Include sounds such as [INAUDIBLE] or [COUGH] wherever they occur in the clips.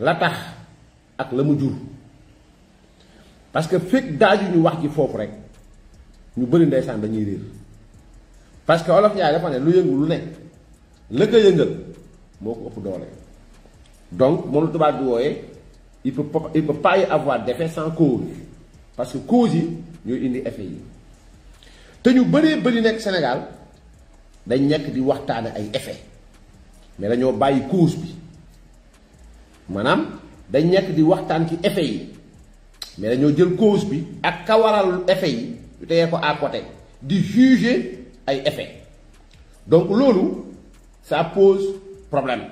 la tax ak la mu jur parce que fekk daaju ñu wax ci fofu rek ñu bëri ndaysan dañuy rir parce que olof yaa dafa ne lu yëngu lu nekk le ko yëngal moko ko ëpp doole donc moom la tubaab di il peut il peut pas y avoir d'effet sans cause parce que cause yi ñoy indi effet yi te ñu bëree bëri nekk Sénégal dañ nekk di waxtaan ay effet mais dañoo bàyyi cause bi manam dañ nekk di waxtan ci effet yi mais dañu jël cause bi ak kawaral effet yi ñu tegee ko à côté di juger ay effet donc lolu ça pose problème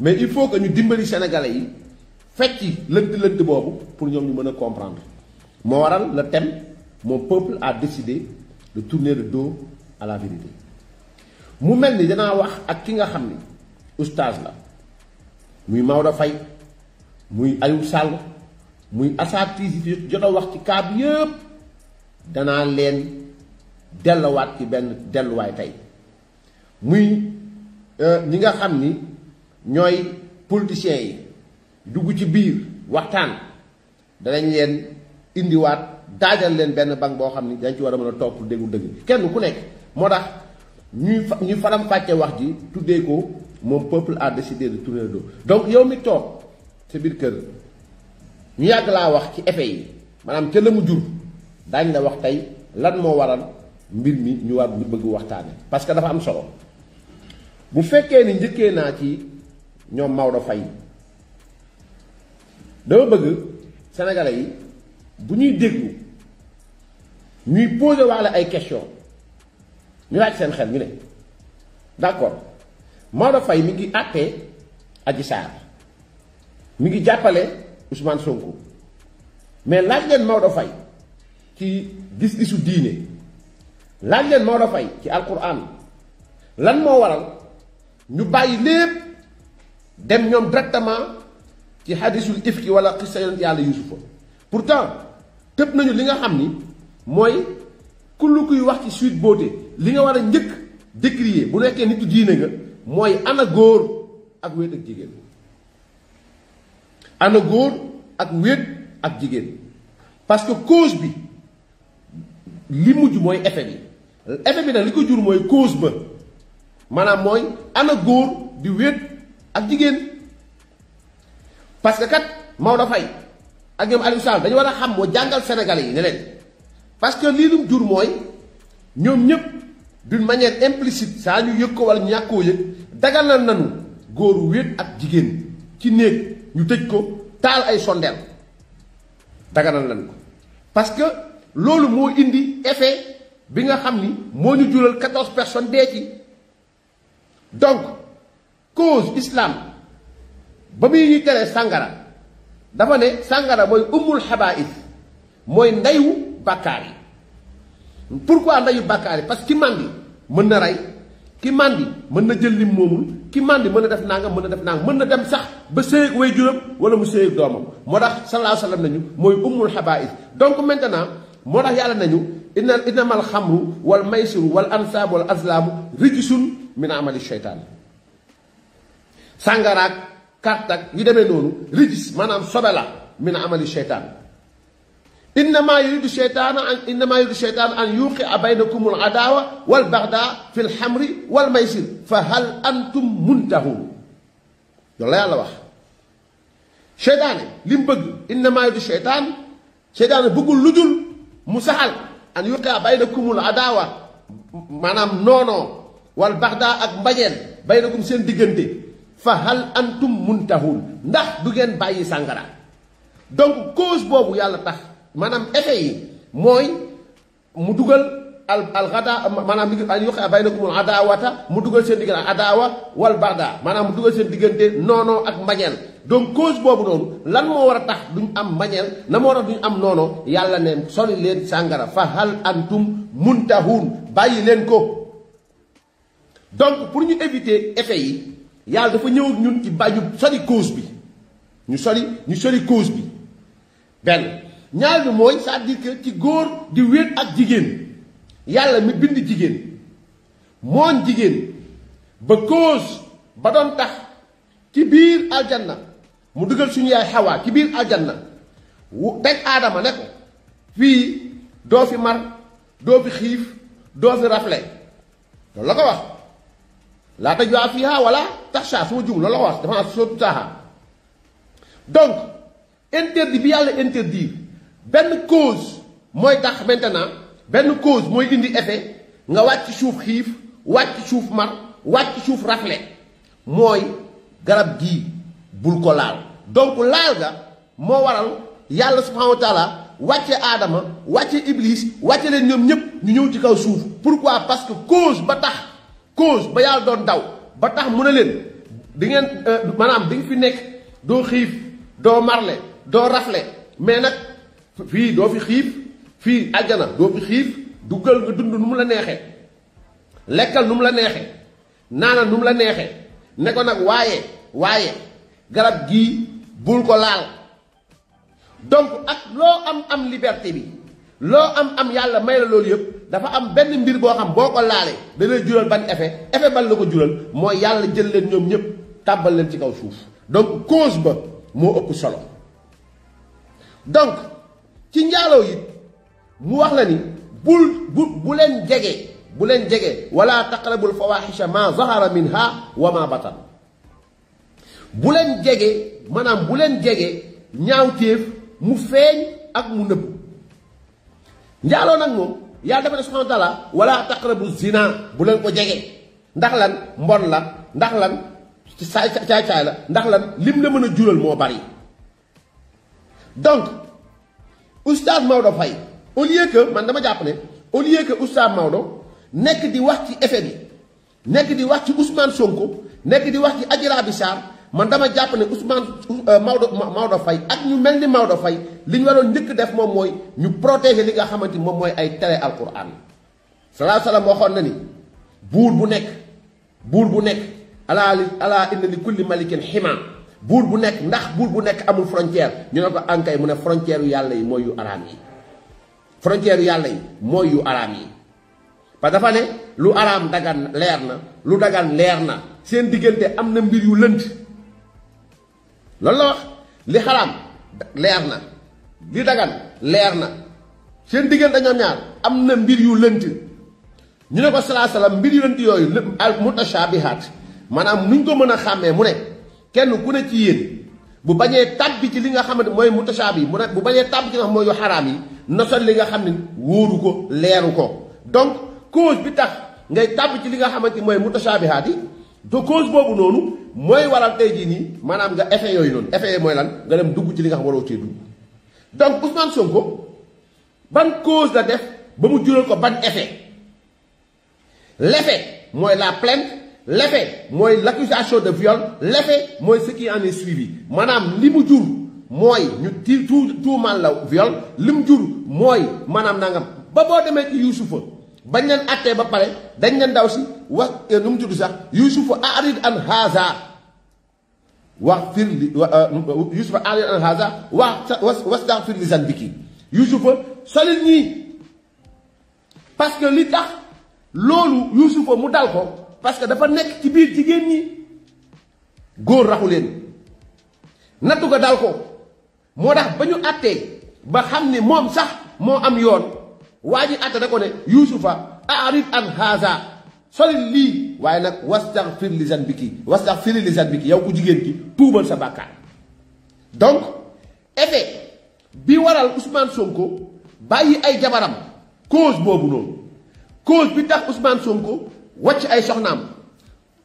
mais il faut que ñu dimbali sénégalais yi fecc lënt-lënt bobu pour ñom ñu mëna comprendre mo waral le thème mon peuple a décidé de tourner le dos à la vérité mu melni ni wax ak ki nga xamni ni oustaz la muy Maodo fay muy Aliou Sall muy assatis yi jot a wax ci cas bi danaa leen dellowaat ci benn delluwaay tay muy euh, ñi nga xam ni ñooy politiciens yi dugg ci biir waxtaan danañ leen indiwaat daajal leen benn bank boo xam ni dañ ci war a mën a topp déggu dëgg kenn ku nekk moo tax ñuy ñuy faram fàcce wax ji tuddee mon peuple a décidé de tourner le dos donc yow mi a un bir kër ñu yag nous wax ci effet yi Manam la mu jur Dañ la wax tay lan Nous waral mbir mi ñu war ñu bëgg waxtane parce que dafa am solo bu Nous ni fait na ci ñom Maodo Fay. dama bëgg sénégalais yi bu ñuy Nous ñuy poser wala ay question ñu laaj seen xel ñu d'accord Maodo Faye mi ngi àttee Adji Sarr mi ngi jàppale Ousmane Sonko mais laaj leen Maodo Faye ci gis-gisu diine laaj leen Maodo Faye ci alquran lan moo waral ñu bàyyi lépp dem ñoom directement ci hadisul ifki wala xissa yonent yàlla yusufa pourtant tëb nañu li nga xam ni mooy ku lu kuy wax ci suite beauté li nga war a njëkk décrier bu nekkee nitu diine nga mooy ana góor ak wéet ak jigéen ana góor ak wéet ak jigéen parce que cause bi li mujj mooy effet bi effet bi nag li ko jur mooy cause ba maanaam mooy ana góor di wéet ak jigéen parce que kat Maodo Faye ak ñoom Aliou dañu war a xam moo jàngal senegal yi ne leen parce que lii lu jur mooy ñoom ñëpp. d'une manière implicite ça ñu yëg ko wala ñàkkoo dagal daganal nañu góoru wéet ak jigen ci néeg ñu tëj ko taal ay sondeel daganal nañ ko parce que lolu mo indi effet bi nga xamni mo ñu jural 14 personnes dee ci donc cause islam ba muy sangara tere sàngara dafa ne sangara mooy umul habaith mooy ndeyu bakari pourquoi ndayu bàkkaar yi parce que ki màndi mën na rey ki màndi mën na jël lim moomul ki màndi mën na def nangam mën na def nangam mën na dem sax ba sëyeeg way juram wala mu sëyeeg doomam moo tax sallallahu alayhi wa sallam nañu mooy ummul xabaa'is donc maintenant moo tax yàlla nañu inna innamal xamru wal maysiru wal ansaabu wal azlaamu rijsun min amali sheytaan sàngaraak kàrtak yu demee noonu rijis maanaam sobe la min amali sheytaan إنما يريد الشيطان أن إنما يريد الشيطان أن يوقع بينكم العداوة والبغضاء في الحمر والميسر فهل أنتم منتهون loolu la yàlla wax seytaane li mu bëgg innamaa yuriidu seytaan seytaane bëggul lu dul mu saxal an yuqia baynakumul adaawa maanaam noonoo wal baxdaa ak mbañeel baynakum seen diggante fa hal antum muntahun ndax du ngeen bàyyi sàngara donc cause boobu yàlla tax manam effet yi moy mu dugal al al xada maanaam li al baynakum al adawata mu dugal sen digal adawa wal barda manam mu dugal sen digante nono ak mbañeel donc cause bobu non lan mo wara tax duñ am mbañeel na mo wara duñ am nono yalla ne soli len sangara fa hal antum muntahun bayi len ko donc pour ñu éviter effet yi yalla dafa ñew ak ñun ci bàñu soli cause bi ñu soli ñu soli cause bi ben ñaar bi mooy cest ci góor di wéet ak jigéen yàlla mi bind jigéen moom jigéen ba cause ba doon tax ci biir aljanna mu dugal suñu yaay xawaa ci biir aljanna wu teg aadama ne ko fii doo fi mar doo fi xiif doo fi rafle loolu la ko wax laa tajwaa fiihaa wala taxshaa su ma jum loolu la ko wax dafa am soo taaxa donc interdit bi yàlla interdire benn cause mooy tax maintenant benn cause mooy indi effet nga wàcc suuf xiif wàcc suuf mar wàcc suuf rafle mooy garab gii bul ko laal donc laal ga moo waral yàlla subhanahu wa taala wàcce aadama wàcce iblis wàcce leen ñoom ñëpp ñu ñëw ci kaw suuf pour pourquoi parce que cose ba tax cause ba yàlla doon daw ba tax mu ne leen di ngeen euh, maanaam di nga fi nekk doo xiif doo marle doo rafle mais nag fii doo fi xiif fii àjjana doo fi xiif duggal nga dund nu mu la neexee lekkal nu mu la neexee naanal nu la ne ko nag waaye garab gii bul ko laal donc ak loo am am liberté bi loo am am yàlla may la loolu yëpp dafa am benn mbir boo xam boo ko laalee da jural ban effet effet ban la ko jural mooy yàlla jël leen ñoom ñëpp tàbbal ci kaw suuf donc cause ba moo ëpp solo donc ci njaaloo it mu wax la ni bul bu bu leen jege bu leen jege wala taqrabul fawaxisha ma zahara minha wa ma batan bu leen jege maanaam bu leen jege ñaawteef mu feeñ ak mu nëbb njaaloo nag moom yàlla dafa ne subhanahu wa taala wala taqrabu bu leen ko jege ndax lan mbon la ndax lan ci caay caay la ndax lan lim la mën a jural moo bari donc oustaz Maodo Faye au lieu que man dama jàpp ne au lieu que oustaz Maodo nekk di wax ci effet bi nekk di wax ci Ousmane Sonko nekk di wax ci Adji Raby man dama jàpp ne Ousmane euh, Maodo Maodo fay ak ñu mel ni Maodo Faye li ñu waroon njëkk def moom mooy ñu protéger li nga xamante ni moom mooy ay tere alquran salaa salaam waxoon na ni buur bu nekk buur bu nekk alaa ala inna li kulli malikin xima buur bu nekk ndax buur bu nekk amul frontière ñu ne ko ankay mu ne frontière yàlla yi mooy yu araam yi frontière yu yàlla yi mooy yu araam yi parce que dafa ne lu araam dagan leer na lu dagan leer na seen diggante am na mbir yu lënt loolu la wax li xaraam leer na li dagan leer na seen diggante ñoom am na mbir yu lënt ñu ne ko salaa salaam mbir yu lënt yooyu al mutashaabihaat maanaam nuñ ko mën a xàmmee mu ne kenn ku ne ci yéen bu bañee tàbbi ci li nga xamante mooy mutashaab yi mu ne bu bañee tàbbi ci li nga xam mooy yu xaraam yi li nga xam ne wóoru ko leeru ko donc cause bi tax ngay tàbbi ci li nga xamante mooy mutashaabihaat yi te cause boobu noonu mooy waral tey jii nii maanaam nga effet yooyu noonu effet yooyu mooy lan nga dem dugg ci li nga xam waroo cee dugg donc Ousmane Sonko ban cause la def ba mu jural ko ban effet lefe mooy la plainte lefe mooy l'accusation de viol l'effet mooy ce qui en est suivi maanaam li mu jur mooy ñu ti tu tuumaal la viol li mu jur mooy maanaam nangam ba boo demee ci Yuusufa bañ leen attee ba pare dañ leen daw si was eh, nu mu tudd sax Yuusufa arid an haza wax fir li euh, euh, Yuusufa arid an haza wax wastaghfir li zanbiki Yuusufa solil ñii parce que li tax loolu Yuusufa mu dal ko parce que dafa nek ci biir jigen ni góor raxu leen nattu ga dal ko motax bañu atté ba xamni ne sax mo am yoon waji atté da ko ne yusufa arid an haza solil lii waaye nag wastaxfir li zanbiki wastaghfir li zanbiki yow ko jigen ki tuubal sa bàkkaar donc ebe bi waral Ousmane Sonko bayyi ay jabaram cause bobu non cause bi tax Ousmane Sonko wacc ay soxnam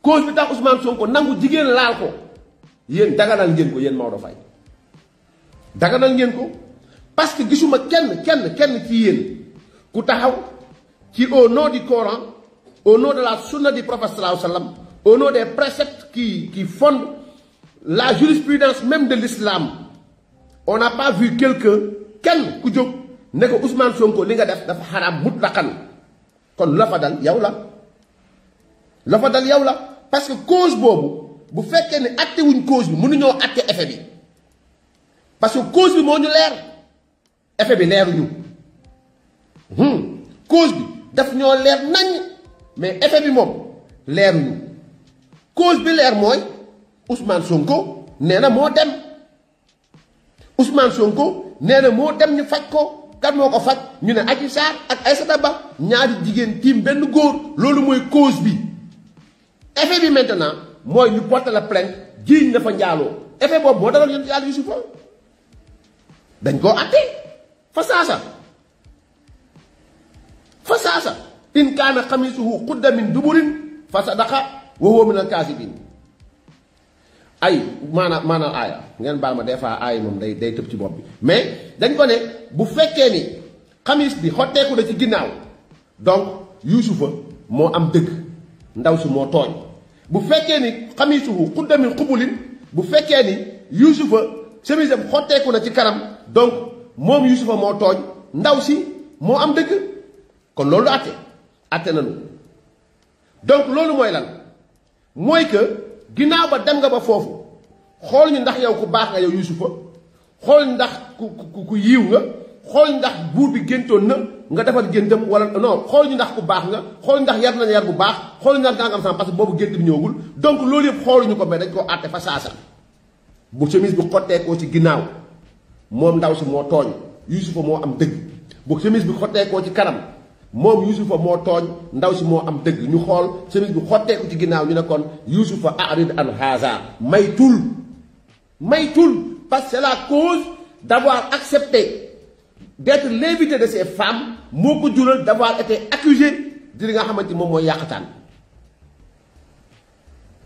ko bi tax Ousmane Sonko nangu jigen laal ko yeen daganal ngeen ko yéen Maodo fay daganal ngeen ko parce que gisuma kenn kenn kenn ci yeen ku taxaw ci au nom du Coran au nom de la sunna du prophète sallallahu alayhi wasallam sallam au nom des préceptes qui qui fondent la jurisprudence même de l'islam on n'a pas vu quelqu'un kenn ku jog ne ko Ousmane Sonko li nga def dafa haram mutlaqan kon la fa dal yaw la la fa dal yow la parce que cause bobu bu fekkee ne atte wuñ cause bi mënuñoo acte effet bi parce que cause bi moo ñu leer effet bi leeruñu hmm. cause bi daf ñoo leer nañ mais effet bi moom leeruñu cause bi leer mooy Ousmane Sonko nee na moo dem Ousmane Sonko nee na moo dem ñu faj ko. kan moo ko faj ñu ne Adji Sarr ak Aïssata Ba ñaari jigéen tiim benn góor loolu mooy cause bi effet bi maintenant mooy ñu porté la plainte jiiñ dafa fa njaaloo effet boobu moo daloon yonent yàlla Yusufa dañ koo atte fa saasa fa saasa in kaana xamisuhu qudda min duburin fa sadaqa wa huwa kaasi alkaasibin ay maanaam maanaam aaya ngeen baal ma des fois aaya moom day day tëb ci bopp bi mais dañ ko ne bu fekkee ni xamis bi xotteeku na ci ginnaaw donc Yusufa moo am dëgg ndaw si moo tooñ bu fekkee ni xamiisuhu xudda min xubulin bu fekkee ni yusufa chemisam xotteeku na ci kanam donc moom yusufa moo tooñ ndaw si moo am dëgg kon loolu atte atte nañu donc loolu mooy lan mooy que ginnaaw ba dem nga ba foofu xool ndax yow ku baax nga yow yusufa xool ndax ku ku ku yiw nga xol ndax bi na nga non xol ñu ndax ku baax nga xol ndax yar yar bu baax am parce que bi donc loolu yëpp xooluñu ko mais dañ ko atté fa saasa bu chemise vous ko ci ginnaaw moom ndaw si moo tooñ yusufa moo am dëgg bu chemise bi ko ci kanam moom yusufa ne yusufa arid an parce que c'est la cause d'avoir accepté d'être l'invité de ces femmes beaucoup de gens d'avoir été accusé di li nga xamante moom mooy yàqataan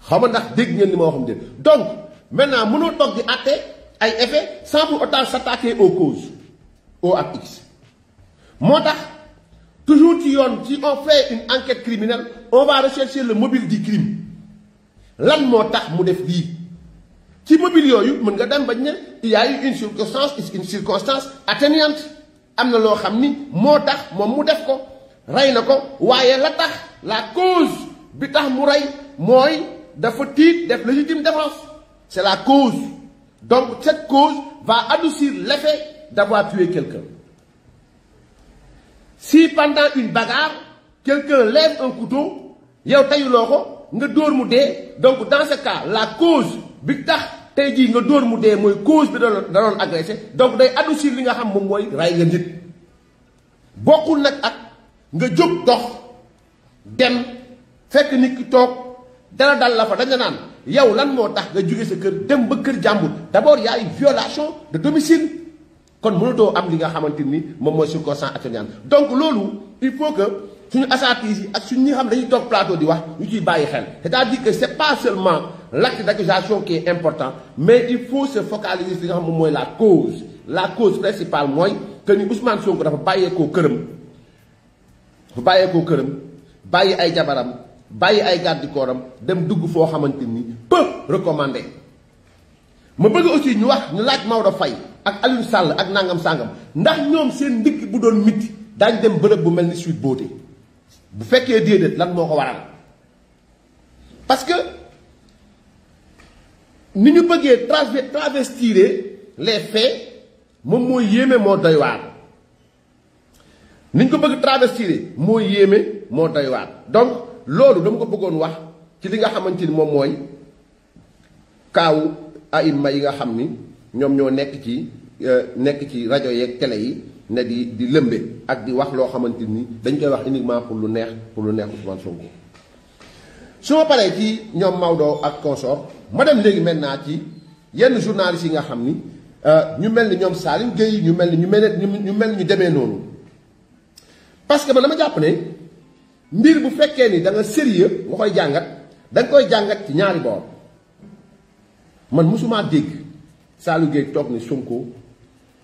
xaw ma ndax dégg ngeen li ma waxam donc maintenant mënoo toog di àtte ay effet sans pour autant s'attaquer aux causes aux ak moi, toujours tu si on fait une enquête criminelle on va rechercher le mobile du crime lan moo tax def mobile yooyu mën nga dem bañ il y a eu une circonstance une circonstance atténuante amna lo xamni motax mom mu def ko la tax la cause bi tax mu rey mooy dafa tit def légitime défense c'est la cause donc cette cause va adoucir l'effet d'avoir tué quelqu'un si pendant une bagarre quelqu'un lève un couteau yow tayu ko nga dóor mu dee donc dans ce cas la cause bi tax tey jii nga dóor mu dee mooy cause bi da doon da doon agressé donc day adoucir li nga xam moom mooy rey nga nit bokkul nag ak nga jóg dox dem fekk nit ki toog dara dal la fa dañ la naan yow lan moo tax nga jóge sa kër dem ba kër jàmbur d'abord y a une violation de domicile kon mënatoo am li nga xamante ni moom mooy circonstance atténuante donc loolu il faut que. suñu assise yi ak suñu ñi xam dañuy toog plateau di wax ñu ciy bàyyi xel c'est-à-dire que c'est pas seulement l'acte d'accusation qui est important mais il faut se focaliser ci li nga mooy la cause la cause principale mooy que ni Ousmane Sonko dafa bàyyeekoo këram dafa bàyyeekoo këram bàyyi ay jabaram bàyyi ay gàddikooram dem dugg foo xamante peu recommandé ma bëgg aussi ñu wax ñu laaj Maodo Faye ak Alioune Sall ak nangam sangam ndax ñoom seen ndigg bu doon miti daañ dem bërëb bu mel ni Beauté bu fekkee déedéet lan moo ko waral parce que ni ñu bëggee travestir les faits moom moo yéeme moo doy waar ni ñu ko bëgg travestir moo yéeme moo doy waar donc loolu dama ko bëggoon wax ci li nga xamante ni moom mooy kaawu aïma yi nga xam ni ñoom ñoo nekk ci Euh, nekk ci rajo yeeg télé yi ne di di lëmbe ak di wax loo xamante ni dañ koy wax uniquement pour lu neex pour lu neex Ousmane Sonko. su ma paree ci ñoom Maodo ak consort ma dem léegi maintenant ci yenn journalistes yi nga xam ni euh, ñu mel ni ñoom Salim Gueye ñu mel ni ñu mel ni ñu mel ni demee noonu parce que man dama jàpp ne mbir bu fekkee ni da nga sérieux nga koy jàngat da nga koy jàngat ci ñaari boor man mosuma dégg Salim Gueye toog ni Sonko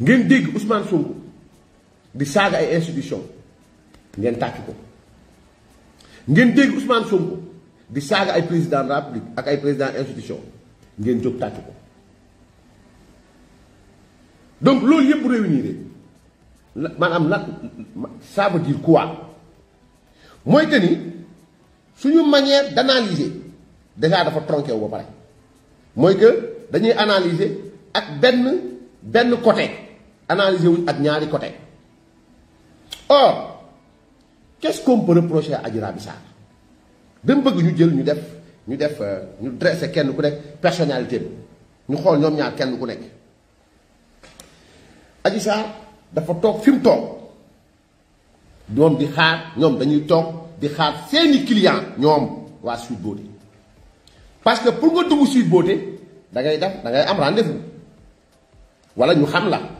ngeen dégg Ousmane Sonko di saaga ay institution ngeen tàcc ko ngeen dégg Ousmane Sonko di saaga ay président de la République ak ay président institution ngeen jóg tàcc ko donc loolu yëpp réunir maanaam lan ça veut dire quoi mooy que ni suñu manière d'analyser déjà dafa tronqué ba pare mooy que dañuy analyser ak benn benn côté analyser wuñ ak ñaari côté or qu'est-ce qu'on peut reprocher à Adji Raby dem bëgg ñu jël ñu def ñu def euh, ñu dresser kenn ku nekk personnalité bi ñu xool ñom ñaar kenn ku nekk Adji Sarr dafa tok fim tok toog di xaar ñom dañuy tok di xaar seeni client ñom wa suite Beauté parce que pour nga dugg suite Beauté da ngay def da ngay am rendez-vous wala ñu xam la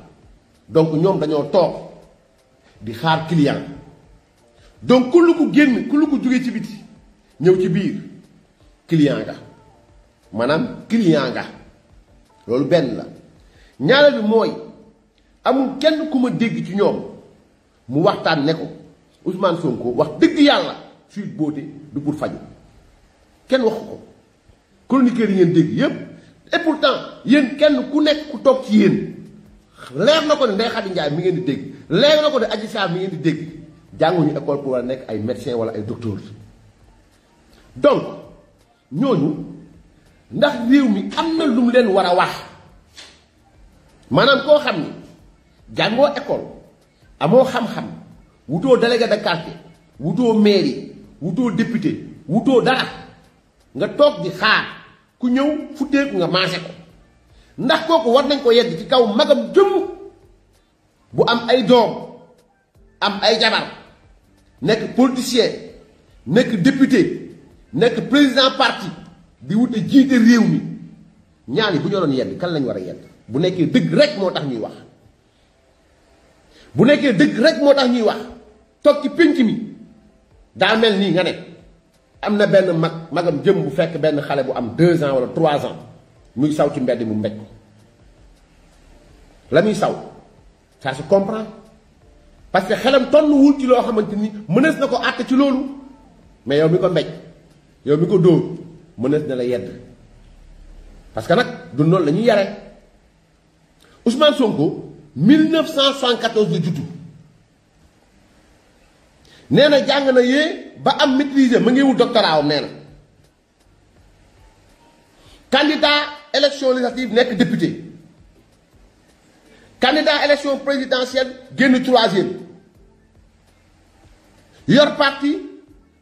donc ñoom dañoo toog di xaar client donc ku lu ko génn ku lu ko jógee ci biti ñëw ci biir client nga maanaam client nga loolu benn la ñaareel bi mooy amul kenn ku ma dégg ci ñoom mu waxtaan ne ko Ousmane Sonko wax dëgg yàlla Sweet Beauté du pour faju kenn waxu ko chroniqueur yi ngeen dégg yépp et pourtant yéen kenn ku nekk ku toog ci yéen leer na ko ne Ndeye Khady Ndiaye mi ngeen di dégg leer na ko ne Adji Sarr mi ngeen di dégg jànguñu école pour war a nekk ay médecin wala ay docteur donc ñooñu ndax réew mi am na lu mu leen war a wax maanaam koo xam ni jàngoo école amoo xam-xam wutoo délégué de quartier wutoo mairie wutoo député wutoo dara nga toog di xaar ku ñëw futteeku nga maase ko ndax koku war nañ ko yedd ci kaw magam jëm bu am ay doom am ay jabar nekk politicien nekk député nekk président parti di wute jiite réew mi bu ñoo yedd kan lañ war yedd bu nekkee dëgg rek moo ñuy wax bu rek ñuy wax mi daa mel nii nga ne am na magam jëm bu fekk bu am deux ans wala trois ans muy saw ci mbedd mu mbéj la muy saw ça se comprend parce que xelam tonn wul ci loo xamante ni mënees na ko àtte ci loolu mais yow mi ko mbéj yow mi ko dóor mënees na la yedd parce que nag du noonu la ñuy yare Ousmane Sonko 1974 la juddu nee na jàng na yee ba am maîtriser ma ngi wut doctorat nee na candidat élection législative nek député candidat élection présidentielle génn troisième yor parti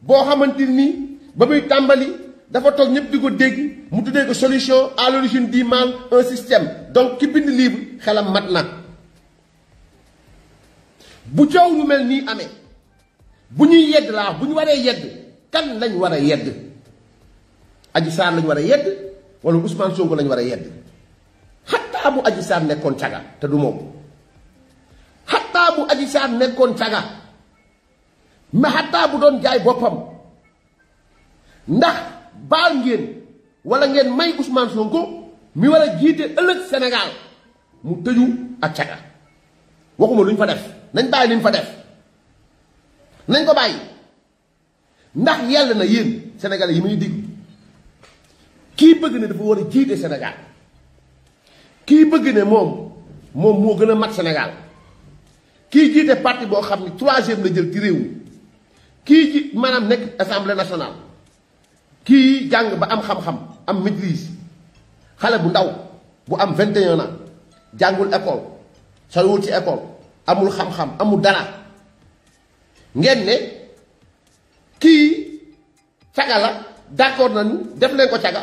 bo xamante ni ba muy tàmbali dafa tok ñep di dégg mu tuddee ko solution à l'origine du mal un système donc ki bind livre xelam mat na bu ciow lu mel nii amee bu ñuy yedd la bu ñu waree yedd kan lañ wara yedd aji Sarr lañ wara yedd wala Ousmane Sonko lañ war a yedd xattaa bu Adji Sarr nekkoon saga te du moom xattaa bu Adji Sarr nekkoon saga ma xattaa bu doon jaay boppam ndax baal ngeen wala ngeen may Ousmane Sonko mi war a jiite ëllëg Sénégal mu tëju ak caga waxuma luñ fa def nañ bàyyi luñ fa def nañ ko bàyyi ndax yàlla na yéen sénégalais yi muy dig kii bëgg ne dafa war a jiite Sénégal kii bëgg ne moom moom moo gën a mat Sénégal kii jiite parti boo xam ne troisième la jël ci réew mi kii ji maanaam nekk assemblée nationale kii jàng ba am xam-xam am maîtrise xale bu ndaw bu am 21 ans jàngul école soriwul ci école amul xam-xam amul dara ngeen ne kii caga la d'accord nañu def leen ko caga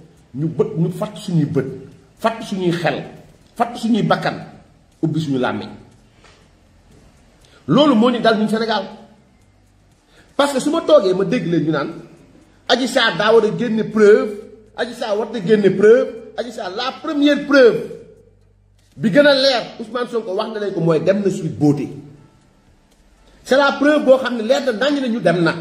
ñu bëtt ñu fat suñuy bëtt fat suñuy xel fat suñuy bakkan ubbi suñu làmmiñ loolu moo ni dal ñu sénégal parce que suma ma toogee ma dégg leen ñu naan aji saa daa war a génne preuve aji saa war a génne preuve aji saa la première preuve bi gën a leer ousmane sonko wax na leen ko mooy dem na suite beauté c'est la preuve boo xam ne leer na ne ñu dem na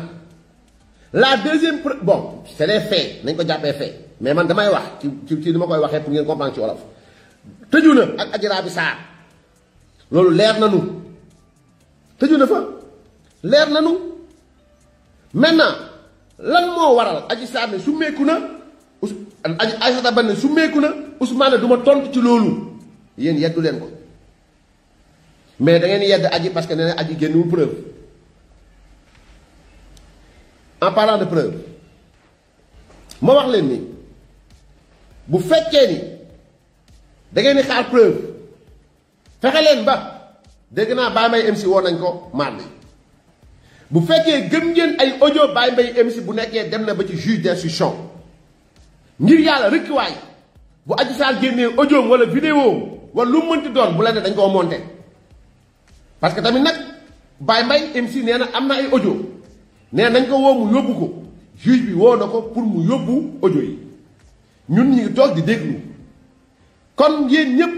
la deuxième preuve bon c'est les faits nañ ko jàppee faits mais man damay wax ci ci dama koy waxe pour ngeen comprendre ci olaf tejuna ak ajira bi sa lolou leer nañu tejuna fa leer nañu maintenant lan mo waral aji sa ne su mekuna us aisha ta ban su mekuna na ousmane duma tontu ci lolou yeen yeddu len ko mais da ngeen yedd aji parce que ne aji génnul preuve en parlant de preuve mo wax len ni bu fekkee ni dangeen ngeen di xaar preuve fexe leen ba dégg naa Baye Mbaye MC woo nañ ko mardi bu fekkee gën ngeen ay audio Baye Mbaye MC bu nekkee dem na ba ci juge d'instruction ngir yàlla rëkk bu aju Sarr génnee audio wala vidéo wala lu mënti doon bu la ne dañ koo monté parce que tamit nag Baye Mbaye MC nee na am na ay audio nee nañ ko woo mu yóbbu ko juge bi woo na ko pour mu yóbbu ojo yi. ñun ñi ngi toog di déglu kon yéen ñëpp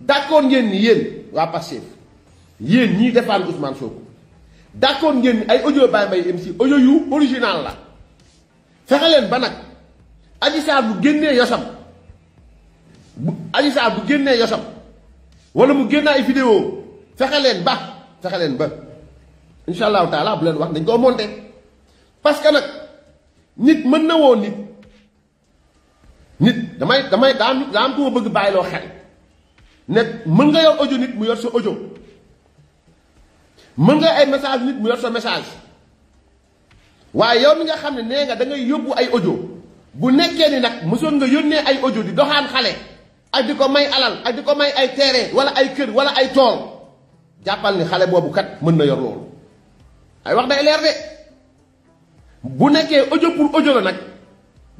d'accord ngeen ni yéen waa Pastef yéen ñii défendre soo Sonko d'accord ngeen ni ay audio Baye Mbaye MC audio yu original la fexe leen ba nag Adji Sarr bu génnee yosam bu Adji Sarr bu génnee yosam wala mu génne ay vidéo fexe leen ba fexe leen ba incha allahu bu leen wax dañ koo monté parce que nag nit mën na woon nit. nit damay damay daan daa am ko ma bëgg bàyyiloo xel ne mën nga yor audio nit mu yor sa audio mën nga ay message nit mu yor sa message waaye yow mi nga xam ne nee nga da yóbbu ay audio bu nekkee ni nag mësoon nga yónnee ay audio di doxaan xale ak di ko may alal ak di ko may ay terrain wala ay kër wala ay tool jàppal ni xale boobu kat mën na yor loolu ay wax day leer de bu nekkee audio pour audio la nag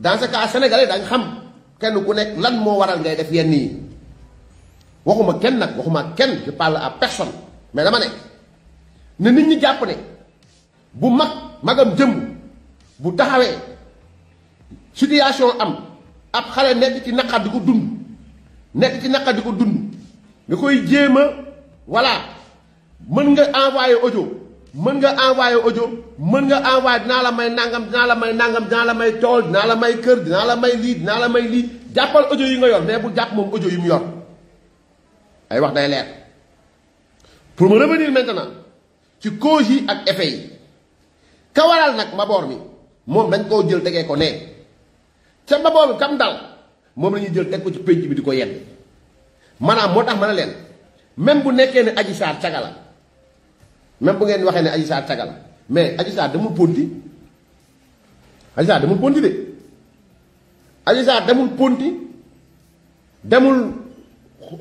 dans ce cas sénégalais dañ xam kenn ku nekk lan moo waral ngay def yenn yi waxuma kenn nag waxuma kenn je parle à personne mais dama ne ne nit ñi jàpp ne bu mag magam jëmb bu taxawee situation am ab xale nekk ci naqar di ko dund nekk ci naqar di ko dund nga koy jéem a voilà mën nga envoyé audio mën nga envoyé audio mën nga envoyé dinaa la may nangam dinaa la may nangam dinaa la may tool dinaa la may kër dinaa la may lii dinaa la may lii jàppal audio yi nga yor mais bu jàpp moom audio yi mu yor ay wax day leer pour me revenir maintenant ci cause yi ak effet yi ka nag mbaboor mi moom dañ koo jël tegee ko nee ca mbaboor bi kam dal moom la ñuy jël teg ko ci pénc bi di ko yenn maanaam moo tax ma ne leen même bu nekkee ne Adji Sarr caga la même bu ngeen waxé né Adji Sarr tagal mais Adji Sarr demul ponti Adji Sarr demul ponti dé Adji Sarr demul ponti demul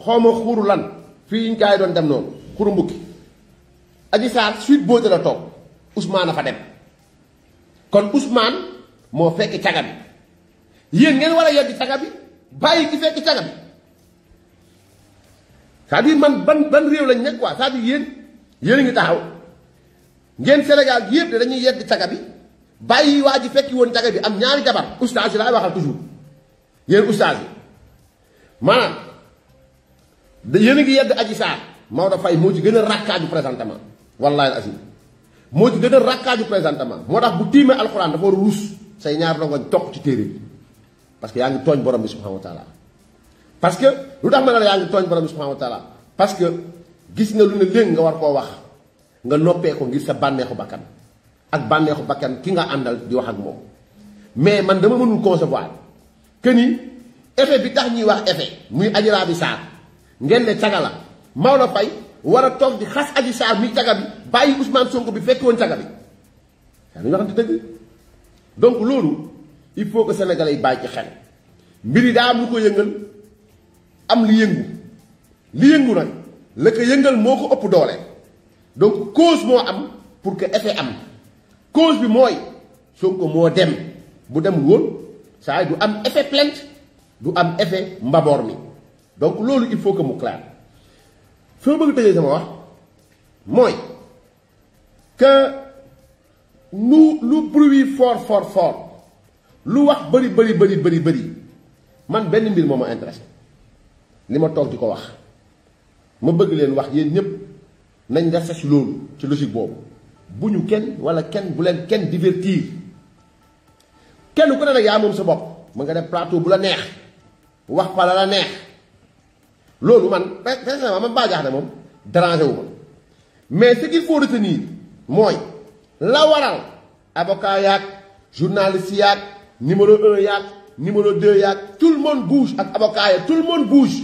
xawma xuru lan fi ñu gaay doon dem non xuru mbukki Adji Sarr suite bo la toog Ousmane fa dem kon Ousmane mo fekk tagal yeen ngeen war a tagal bi bayyi ki fekk tagal bi cest man ban ban réew lañ nekk quoi ça dit dire yéen a ngi taxaw ngeen Sénégal gi yëpp dañuy yedd caga bi bàyyi waa ji fekki woon caga bi am ñaari jabar oustaz yi laay waxal toujours yéen oustaz yi maanaam yéen a ngi yedd Adji Sarr Maodo Faye moo ci gën a rakkaaju présentement wallaahi azim moo ci gën a rakkaaju présentement moo tax bu tiimee alxuraan dafa ruus say ñaar rongoñ toq ci téere bi parce que yaa ngi tooñ borom bi subhanahu wa parce que lu tax ma ne la yaa ngi tooñ borom bi subhanahu parce que gis nga lu ne leen nga war ko wax nga noppé ko ngir sa bànneexu bakkan ak bànneexu bakkan ki nga andal di wax ak mom mais man dama mënul concevoir que ni effet bi tax ñi wax effet muy ajiraa bi sa ngeen ne tagala mawla Fay wara tok toog di xas aji sa mi caga bi bàyyi Ousmane Sonko bi fekk won caga bi yaa wax waxante deug donc lolu il faut que sénégalais yi ci xel mbiri da daa am lu ko yëngal am li yëngu li yëngu nak la ko yëngal moo ko donc cause moi am pour que effet am cause bi mooy dem bu dem woon du am effet plainte du am effet mbaboor donc il faut que mu clair fi sama wax que nous nous bruit fort fort fort lu wax bëri bëri bëri man benn mbir moo ma intéressé li ma ma bëgg leen wax ñëpp ci logique kenn wala kenn bu leen kenn divertir kenn ne nag yaa sa bopp ma nga def plateau bu la neex wax la neex loolu man wu mais ce qu'il faut retenir moi, la waral avocat journaliste numéro un numéro 2, tout le monde bouge ak avocat tout le monde bouge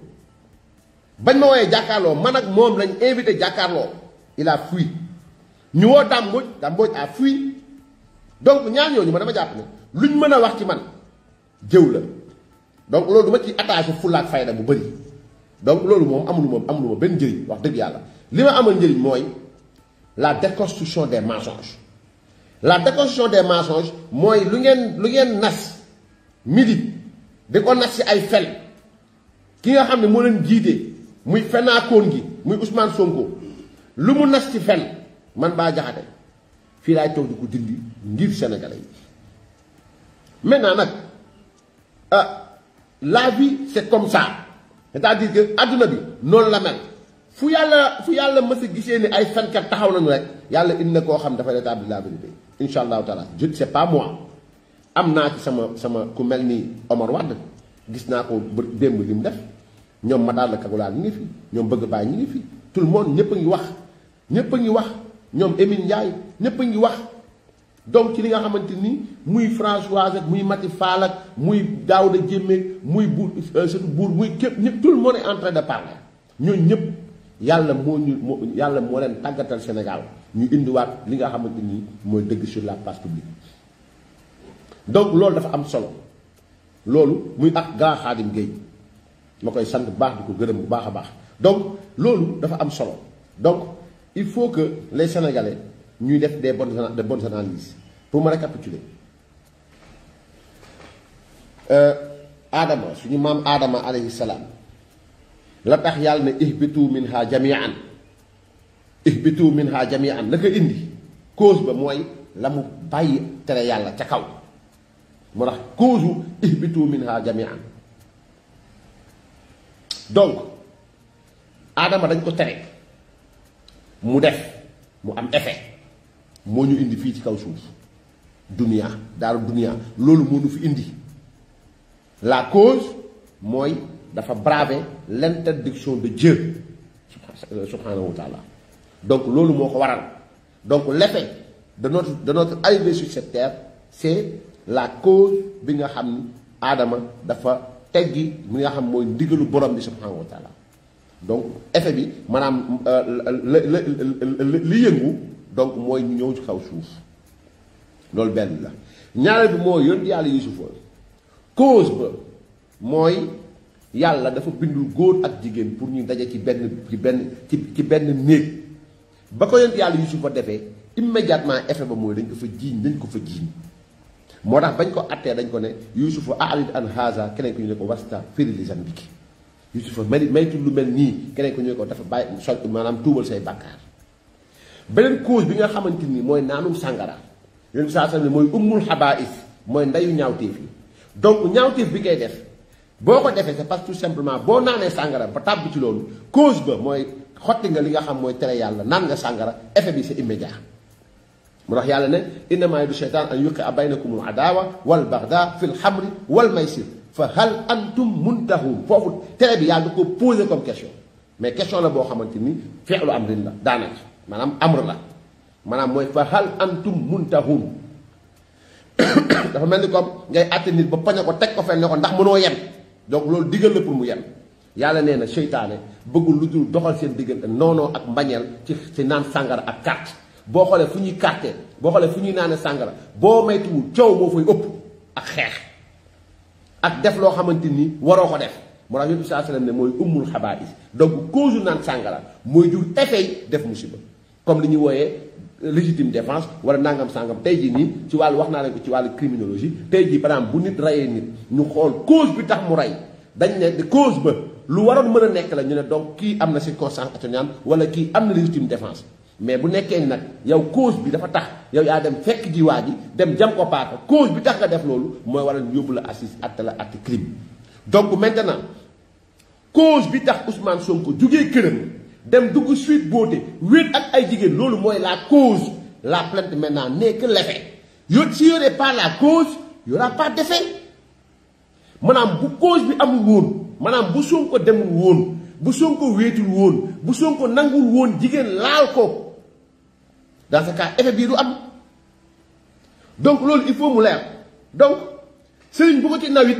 bañ ma wooyee jàkkaarloo man ak moom lañ invité jàkkaarloo il a fui ñu woo Dame Mbodj Dame Mbodj a fui donc ñaar ñooñu ma dama jàpp ne luñ mën a wax ci man jëw la donc loolu du ma ci attaché fulaak fayda bu bëri donc loolu moom amul moom amul ma benn njëriñ wax dëgg yàlla li ma amal njëriñ mooy la déconstruction des mensonges la déconstruction des mensonges mooy lu ngeen lu ngeen nas midi di ko nas ci ay fel ki nga xam ne moo leen jiite. muy fenaakoon gi muy Ousmane Sonko lu mu nas ci fen man baa jaxate fii laay toog di ko dindi ngir sénégalais yi naa nag ah la vie c'est comme ça c'est-à-dire que adduna bi noonu la mel fu yàlla fu yàlla mës a gisee ni ay fenkat taxaw nañu rek yàlla indi na koo xam dafay rétablir la vérité incha allahu taala je ne sais pas moi am naa ci sama sama ku mel ni Omar Wade gis naa ko démb li mu def. ñom sommes la ni fi ñom Bëgg fi tout le monde ñepp ngi wax ñepp ngi wax ñom ngi wax donc ci li nga xamanteni muy Françoise ak muy Mati muy euh, tout le monde est en train de parler ñepp yalla mo ñu yalla mo len tagatal Sénégal ñu wat li nga xamanteni ni sur la place publique donc dafa am solo muy grand makoy koy sant bu baax di bu baaxa baax donc lolu dafa am solo donc il faut que les sénégalais ñuy def des bonnes des bonnes analyses pour me récapituler euh, adama suñu mam adama alayhi salam la tax yàlla ne ihbitu minha jamian ihbitu minha jamian la ko indi cause ba moy lamu mu tere yalla ca kaw mo tax cause ihbitu minha jamian donc adama dañ ko téré mu def mu am effet moo indi fi ci kaw suuf dunia fi la cause c'est dafa braver l'interdiction de Dieu euh, subhanahu wa taala donc a moko donc l'effet de notre de arrivée sur cette terre c'est la cause bi nga xam adama teggi mi nga xam mooy ndigalu borom bi subhanahu wa taala donc effet bi maanaam euh, li yëngu donc mooy ñu ñëw ci kaw suuf loolu benn la ñaareel bi mooy yonent yàlla yusufa cause ba mooy yàlla dafa bindul góor ak jigéen pour ñu daje ci benn ci benn ci ci benn néeg ba ko yonent yàlla yusufa defee immédiatement effet ba mooy dañ ko fa jiiñ dañ ko fa jiiñ motax bañ ko atté dañ ko né yusuf a'rid an haza kenen ko ñu ko wasta fir li zambiki yusufa may tu lu mel ni kenen ko ñu ko dafa bay sol manam tuubal say bakkar benen cause bi nga xamanteni moy nanum sangara yeen sa sa moy ummul habaif moy ndayu ñaawteef fi donc ñaawteef bi kay def boko defé c'est pas tout simplement bo nané sangara ba tab ci lolu cause ba moy xoti nga li nga xam moy téré yalla nan nga sangara effet bi c'est immédiat مرح يعلن إنما يريد الشيطان أن يقع بينكم العداوة والبغضاء في الحمر والميسر فهل أنتم منتهون فوفو تابي يعني كو بوزي كوم كيشون مي كيشون لا بو خامتيني فعل أمر الله دانك مانام أمر الله مانام موي فهل أنتم منتهون دا فا ملني كوم غاي اتي نيت با باغا كو تك كو فين نكو ندخ مونو يام دونك لول ديغال لا بور مو يام يالا نينا شيطان بغول لودو دوخال سين ديغال نونو اك مبانيال تي نان سانغار اك كارت boo xoolee fu ñuy carte boo xoolee fu ñuy naane sàngara boo maytuwul coow moo fay ëpp ak xeex ak def lo xamanteni waro ko def mo tax yonent bi saa sallam ne moy umul khaba'is donc cause nan naan sàngara mooy jur effet def musiba comme liñu woyé légitime défense wala nangam sàngam tey jii nii ci wal waxna naa ko ci wal criminologie tey jii par exemple bu nit rayé nit ñu xol cause bi tax mu ray dañ ne cause ba lu waroon mën nek la ñu ne donc kii am na circonstance atténuante wala ki amna légitime défense mais bu nekkee nag yow cause bi dafa tax yow yaa dem fekk ji ji dem jam ko paaka cause bi tax nga def loolu mooy waral yóbbu la assise atte la atte crime donc maintenant cause bi tax Ousmane Sonko jugee këram dem dugg suite boote wéet ak ay jigéen loolu mooy la cause la plainte maintenant n'est que l'effet yo si y aurait pas la cause y aura pas d'effet maanaam bu cause bi amul woon maanaam bu Sonko demul woon bu Sonko wéetul woon bu Sonko nangul woon jigéen laal ko dans ce effet bii du am donc loolu il faut mu leer donc sëriñ bu ko ci nawit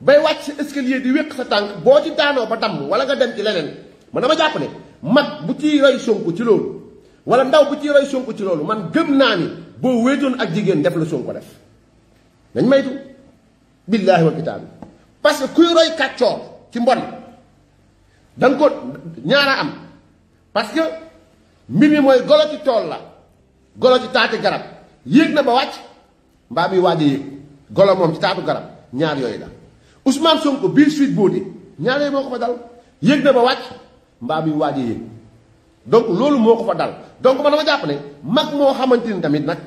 bay wàcc sa escalier di wéq sa tànk boo ci daanoo ba damm wala nga dem ci leneen man ma jàpp ne mag bu ciy roy Sonko ci loolu wala ndaw bu ciy roy Sonko ci loolu man gëm naa ni boo wéetoon ak jigéen def la Sonko def nañ maytu billaahi wa kitaabi parce que kuy roy kàccoor ci mbon da nga ko ñaara am parce que mbir mi mooy golo tool la golo ci taati garab yéeg na ba wàcc mbaa muy waaj a yéeg golo moom ci taatu garab ñaar yooyu la Ousmane Sonko biir suite boobu ñaar yooyu moo ko fa dal yéeg na ba wàcc mbaa muy waaj a yéeg donc loolu moo ko fa dal donc man dama jàpp ne mag moo xamante ni tamit nag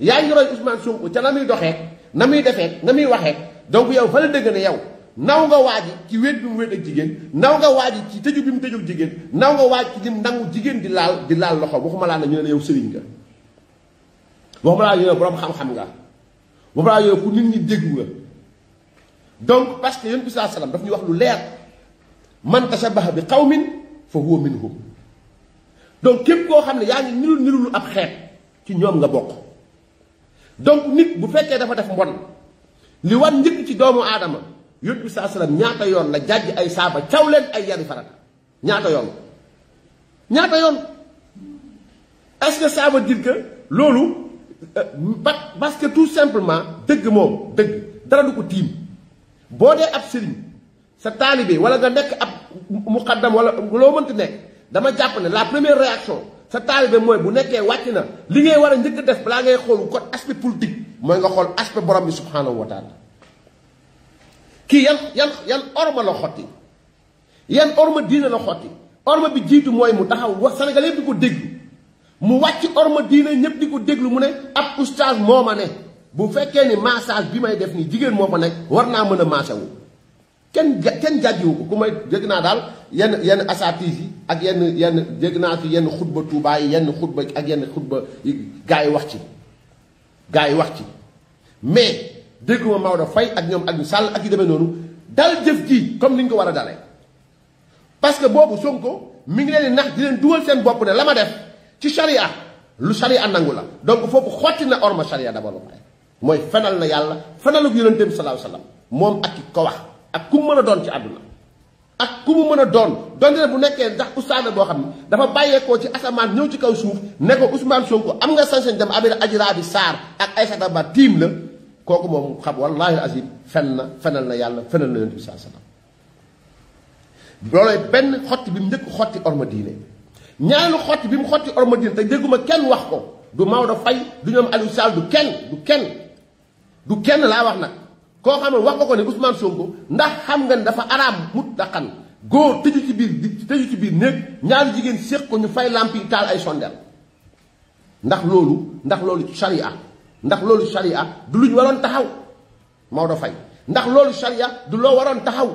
yaa ngi roy Ousmane Sonko ca na muy doxee na muy defee na muy waxee donc yow fa la dëgg ne yow naw nga waaj ci wéet bi mu wéet ak jigéen naw nga waaj ci tëju bi mu tëju jigéen naw nga ci lim nangu jigéen di laal di laal loxo waxuma laa ne ñu la yow sëriñ nga. waxuma laa yow borom xam-xam nga waxuma laa yow ku nit ñi dégg nga donc parce que yonent bi saa salaam daf ñu wax lu leer man tashabaha bi xaw qawmin fa huwa minhum donc képp koo xam ne yaa ngi niru nirulu ab xeet ci ñoom nga bokk donc nit bu fekkee dafa def mbon li war njëkk ci doomu aadama yonent bi saa salaam ñaata yoon la jàjj ay saaba caw ay yari farata ñaata yoon ñaata yoon est-ce que ça veut dire loolu Euh, parce que tout simplement deug mom deug dara du ko de ab serigne sa wala ab muqaddam wala la première réaction sa talibé moy bu li ngay a def ngay aspect politique moy nga xol aspect borom bi subhanahu wa taala ki yan yan yan orma la xoti yan orma diina la xoti orma bi jitu moy mu taxaw mu wàcc orma diine ñëpp di ko déglu mu ne ab oustaz moo ma ne bu fekkee ni massage bi may def nii jigéen moo fa nekk war naa mën a massé wu kenn kenn jàjjiwu ko ku may dégg naa daal yenn yenn asatis yi ak yenn yenn dégg naa ci yenn xutba Tuubaa yi yenn xutba ak yenn xutba gaa yi wax ci gaa yi wax ci mais dégguma Maodo Faye ak ñoom ak ñu sàll ak yi demee noonu dal jëf ji comme ni ñu ko war a dalee parce que boobu Sonko mi ngi leen di nax di leen dugal seen bopp ne la ma def ci charia lu charia nangu la donc foofu xotti na orma charia d'abord ba pare mooy fenal na yàlla fenaluk yonenteem salaahu salaam moom ak ki ko wax ak ku mu mën a doon ci àdduna ak ku mu mën a doon donte ne bu nekkee ndax ustaana boo xam ne dafa bàyyeekoo ci asamaan ñëw ci kaw suuf ne ko Ousmane Sonko am nga sañ-sañ dem abira aji raabi Sarr ak Aïssata Ba tiim la kooku moom xam wallaahi azim fen na fenal na yàlla fenal na yonent bi salaam loolooy xotti bi njëkk xotti orma ñaanu xotti bi mu xotti ormadine te dégguma kenn wax ko du Maodo Faye du ñoom Aliou Sall du kenn du kenn du kenn laa wax nag koo xam ne wax nga ko ne Ousmane Sonko ndax xam nga ne dafa araam mut daqan góor tëju ci biir di tëju ci biir néeg ñaari jigéen séq ko ñu fay lamp yi taal ay sondeel ndax loolu ndax loolu charia ndax loolu charia du luñ waroon taxaw Maodo Faye ndax loolu charia du loo waroon taxaw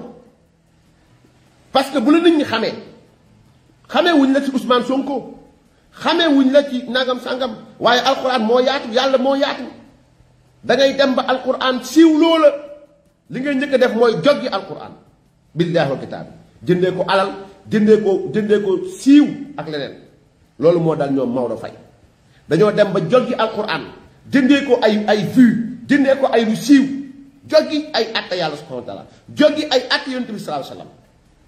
parce que bu la nit ñi xamee xamé wuñ la ci Ousmane Sonko xamé wuñ la ci nagam sangam waye alquran mo yaatu yàlla mo yaatu da ngay dem ba alquran siw lola li ngay ñëk def moy joggi alquran billahi alkitab jëndé ko alal jëndé ko jëndé ko siw ak leneen lolu mo dal ñom mawdo fay dañu dem ba joggi alquran jëndé ko ay ay vue jëndé ko ay lu siw joggi ay atta yàlla subhanahu wa taala joggi ay atta yunus sallallahu alayhi wasallam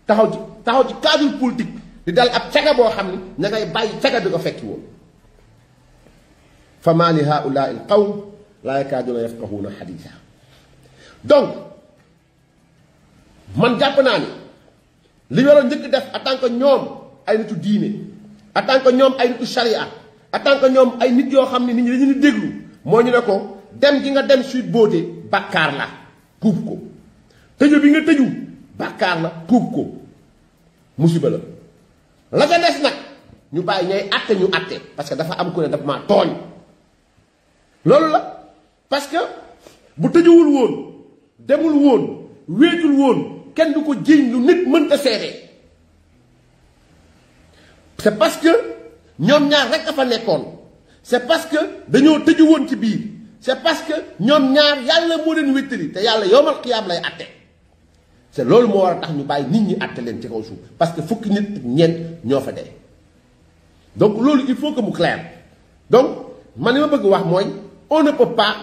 taxaw ci taxaw ci cadre politique di dal ab tiaga bo xamni na ngay bàyyi tiaga di ko fekki woon fa maa li haulaa il qawm la yakadu yafqahuna haditha donc man japp naa ni li waro njëkk def en tant que ay nitu diine en tant que ay nitu sharia en tant que ay nit yo xamni nit ñi dañu ni mo ñu ne ko dem gi nga dem suite bodé bàkkaar la tuub ko teju bi nga teju bàkkaar la tuub ko musibala la des nag ñu bàyyi ñay àtte ñu àtte parce que dafa am ko ne dafa maa tooñ loolu la parce que bu tëjuwul woon demul woon wéetul woon kenn du ko jiiñ lu nit mënta seete c'est parce que ñoom ñaar rek a fa nekkoon c'est parce que dañoo tëju woon ci biir c'est parce que ñoom ñaar yàlla moo leen wéttali te yàlla yoomal xiyaam lay atte c'est loolu moo war a tax ñu bàyyi nit parce que faut nit ak donc l'ol, il faut que soyons clair donc on ne peut pas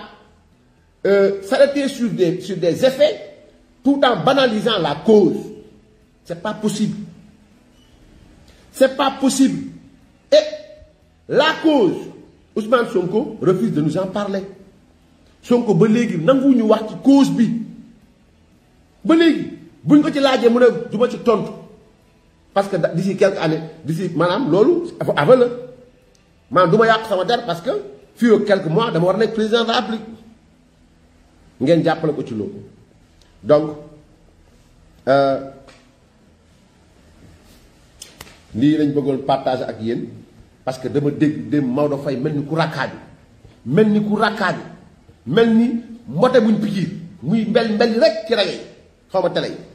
euh, s'arrêter sur des sur des effets tout en banalisant la cause c'est pas possible c'est pas possible et la cause Ousmane Sonko refuse de nous en parler Sonko ba nangou nanguwuñu wax ci cause bi ba buñ ko ci laajee mu ne duma ci tontu parce que d'ici quelques années d'ici manam lolu avant la maanaam du ma sama der parce que fii quelques mois dama war nekk président de la République ngeen jàppale ko ci loolu donc euh ni lañ bëggoon partager ak yéen parce que dama dégg de Maodo fay melni ku rakkaaju melni ku rakkaaju melni ni mbote buñ pikiir muy mbel mbel rek ci rajo yi xaw yi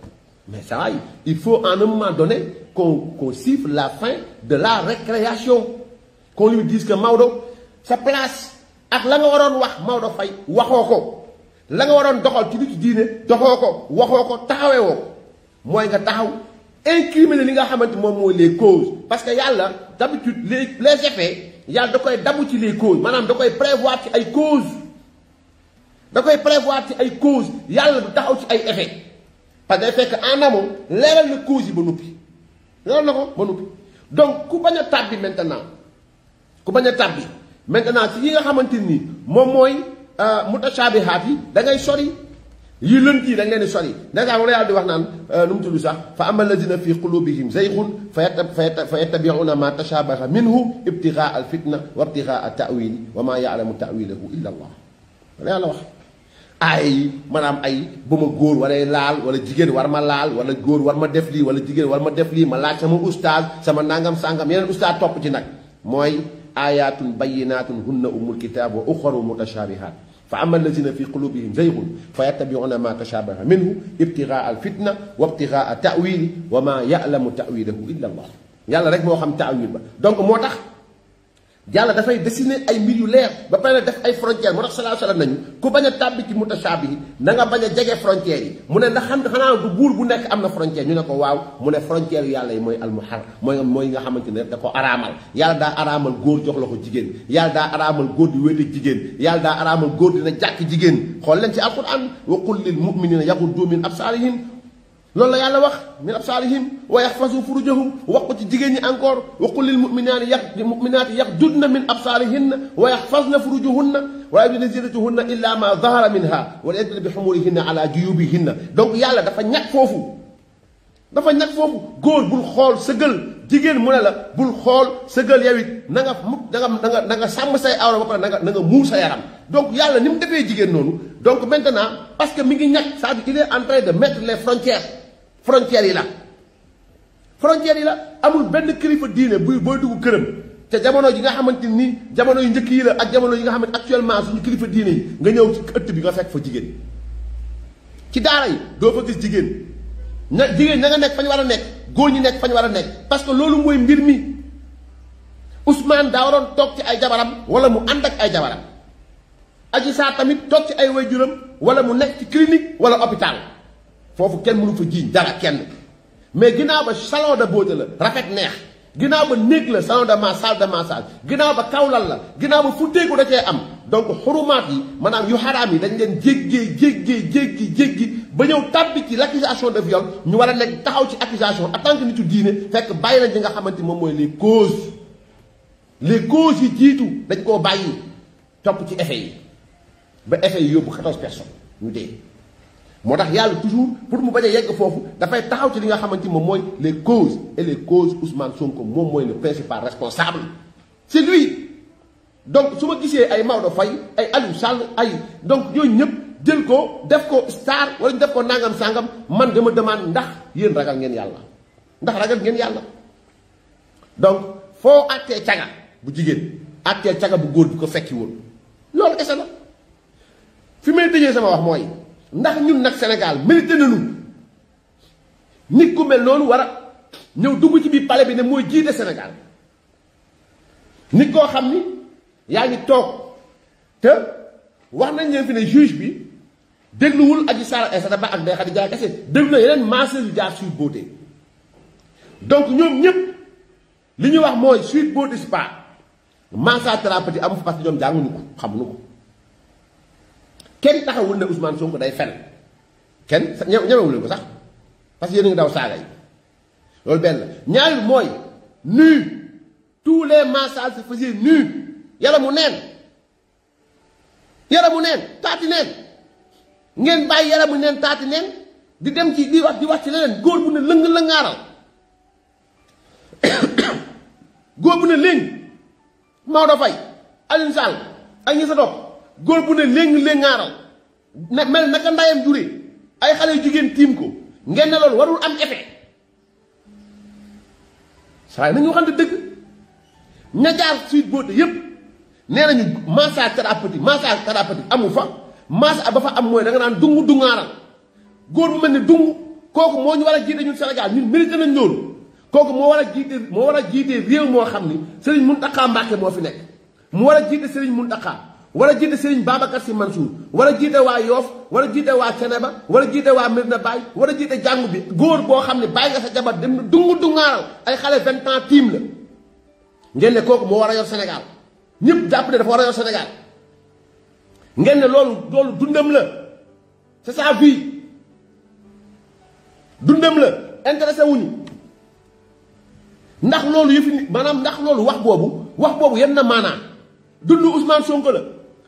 mais ça va, Il faut en un moment donné qu'on qu la fin de la récréation. Qu'on lui dise que Maodo, sa place, ak la nga waron wax Maodo fay waxoko. La waron doxal ci nit diiné incriminer li les causes parce que Yalla, d'habitude les les effets da koy les causes madame da prévoir ci causes da prévoir causes parce que day fekk en amont leeral na cause yi ba nuppi leeral na ko ba nuppi donc ku bañ a tàbbi maintenant ku bañ a tàbbi maintenant ci yi nga xamante ni moom mooy mutashaabihaat yi da ngay sori yi lënt yi da ngeen di sori dèjà moom la yàlla di wax naan nu mu tudd sax fa ama alladina fi qulubihim zaygun fa yata fa yattabiuna ma tashabaha minhu ibtigaa al fitna wa ibtigaa ta'wil wa ma yaalamu tawilahu illa allah la yàlla wax ay maanaam ay ba ma góor waray laal wala jigéen war ma laal wala góor war ma def lii wala jigéen war ma def lii ma laaj sama ustaaz sama nangam sàngam yeneen ustaaz topp ci nag mooy ayatun bayinatun hunna umul kitab wa uxaru mutashabihat fa ama allazina fi qulubihim zaygun fa yattabiuna ma tashabaha minhu ibtigaa al fitna wa ibtigaa tawili wa ma yalamu tawilahu illa allah yàlla rek moo xam tawil ba donc moo tax yàlla dafay dessiner ay mbir yu leer ba pare def ay frontières moo tax salaa salaam nañu ku bañ a tàbbi ci mutashaabi yi na nga bañ a jege frontières yi mu ne ndax xam xanaa du buur bu nekk am na frontière ñu ne ko waaw mu ne frontière yu yàlla yi mooy almuhar mooy mooy nga xamante ne da ko araamal yàlla daa araamal góor jox la ko jigéen yàlla daa araamal góor di wéete jigéen yàlla daa araamal góor dina jàkk jigéen xool leen ci alquran wa qul lil muminina yaxuddu min loolu la yàlla wax min absaalihim wa yaxfasu furujahum wax ko ci jigéen ñi encore waqul lil muminaati yax muminaati yax judna min absaalihinna wa yaxfasna furujahunna wala yubdina zinatahunna illa ma zahara minha wala yadribna bi xumurihinna ala juyubihinna donc yàlla dafa ñàkk foofu dafa ñàkk foofu góor bul xool sëgal jigéen mu ne la bul xool sëgal yow it na nga mu na nga na nga sàmm say awra ba pare na nga na nga muur sa yaram donc yàlla ni mu defee jigéen noonu donc maintenant parce que mi ngi ñàkk c'est-à-dire il est en train de mettre les frontières frontières yi la frontières yi la amul benn kilifa diine buy booy dugg këram te jamono ji nga xamante ni jamono yu njëkk yii la ak jamono yi nga xamante actuellement suñu kilifa diine yi nga ñëw ci ëtt bi nga fekk fa jigéen ci daara yi doo fa gis jigéen na jigéen ña nga nekk fañ war a nekk góor ñi nekk fañ war a nekk parce que loolu mooy mbir mi Ousmane daa waroon toog ci ay jabaram wala mu ànd ak ay jabaram Adji Sarr tamit toog ci ay waajuram wala mu nekk ci clinique wala hôpital foofu kenn mënu fa jiiñ dara kenn mais ginnaaw ba salon de beauté la rafet neex ginnaaw ba néeg la salon de massage salle de massage ginnaaw ba kawlal la ginnaaw ba futteeku da cee am donc xurumaat yi maanaam yu xaraam yi dañ leen jéggee jéggee jéggi jéggi ba ñëw tàbbi ci l' accusation de viol ñu war a nekk taxaw ci accusation en tant que nitu diine fekk bàyyi nañ li nga xamante moom mooy les causes les causes yi jiitu dañ koo bàyyi topp ci effet yi ba effet yi yóbbu 14 moo tax toujours pour mu bañ a yegg foofu dafay taxaw ci li nga les causes et les causes Ousmane le principal responsable c'est lui donc su ma gisee ay Maodo Faye ay Aliou Sall ay donc ñooñu ñëpp jël ko def ko star wala def ko nangam sangam man dama demande ndax yéen ragal ngeen yàlla ndax ragal ngeen yàlla donc foo àttee caga bu jigéen àttee caga bu góor bi ko fekki woon loolu fi sama wax ndax ñun nag Sénégal mérité nañu nit ku mel noonu war ñëw dugg ci biir pale bi ne mooy jiite Sénégal nit koo xam ni yaa ngi toog te wax nañ leen fi ne juge bi dégluwul Adji Sarr Aïssata Ba ak Ndeye Khady Ndiaye kese déglu na yeneen masseurs yu jaar Sweet Beauté donc ñoom ñëpp li ñuy wax mooy Sweet Beauté Spa massage thérapeutique amu fa parce que ñoom jànguñu xam xamuñu ko kenn taxawul ne Ousmane Sonko day fen kenn ñemewu leen ko sax parce que yéen a ngi daw saaga yi loolu benn la ñaareel mooy nu tous les massages se faisaient nu yaramu neen yaramu neen taati neen ngeen bàyyi yaramu neen taati neen di dem ci di wax di wax ci leneen góor bu ne lëng lëngaaral [COUGHS] góor bu ne léng Maodo Faye Alioune Sall ak ñi sa topp góor bu ne léng-léngaaral na mel naka ndayam jure ay xale yu jigéen tiim ko ngeen ne loolu warul am ete saa nañu waxante dëgg ña jaar suite boote yépp nee nañu massage thérapeutique massage thérapeutique amu fa massage ba fa am mooy da nga naan dungu dungaaral góor bu mel ne dungu kooku moo ñu war a jiite ñun Sénégal ñun mérité nañ loolu kooku moo war a jiite moo war a jiite réew moo xam ni Serigne Mountakha Mbacké moo fi nekk mu war a jiite Serigne Mountakha wala jiite Serigne Babacar man Mansour wala jiite waa Yoff wala jiite waa Ceneba wala jiite waa na Baye wala jiite jàngu bi góor boo xam ne bàyyi nga sa jabar dem na dungu dungaaral ay xale vingt ans tiim la ngeen ne kooku moo war a yor Sénégal ñëpp jàpp ne dafa war a yor Sénégal ngeen ne loolu loolu dundam la c'est sa vie dundam la intéressé wuñu ndax loolu yëfi maanaam ndax loolu wax boobu wax boobu yenn na maanaa dund Ousmane Sonko la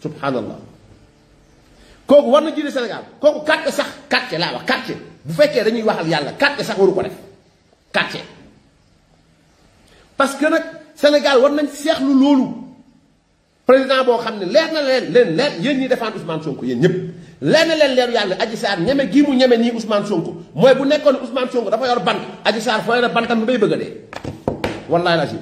subhanallah kooku war na jiite Sénégal kooku quartier sax quartier laa wax quartier bu fekkee dañuy waxal yàlla quartier sax waru ko def quartier parce que nag senegal war nañ seexlu loolu président boo xam ne leer na leen leen leer yéen ñi défendre Ousmane Sonko yéen ñëpp leer na leen leeru yàlla Adji Sarr ñeme gii mu ñeme nii Ousmane Sonko mooy bu nekkoon Ousmane Sonko dafa yor ban Adji Sarr foo yor bantam bi bay bëgg a dee wallaay la si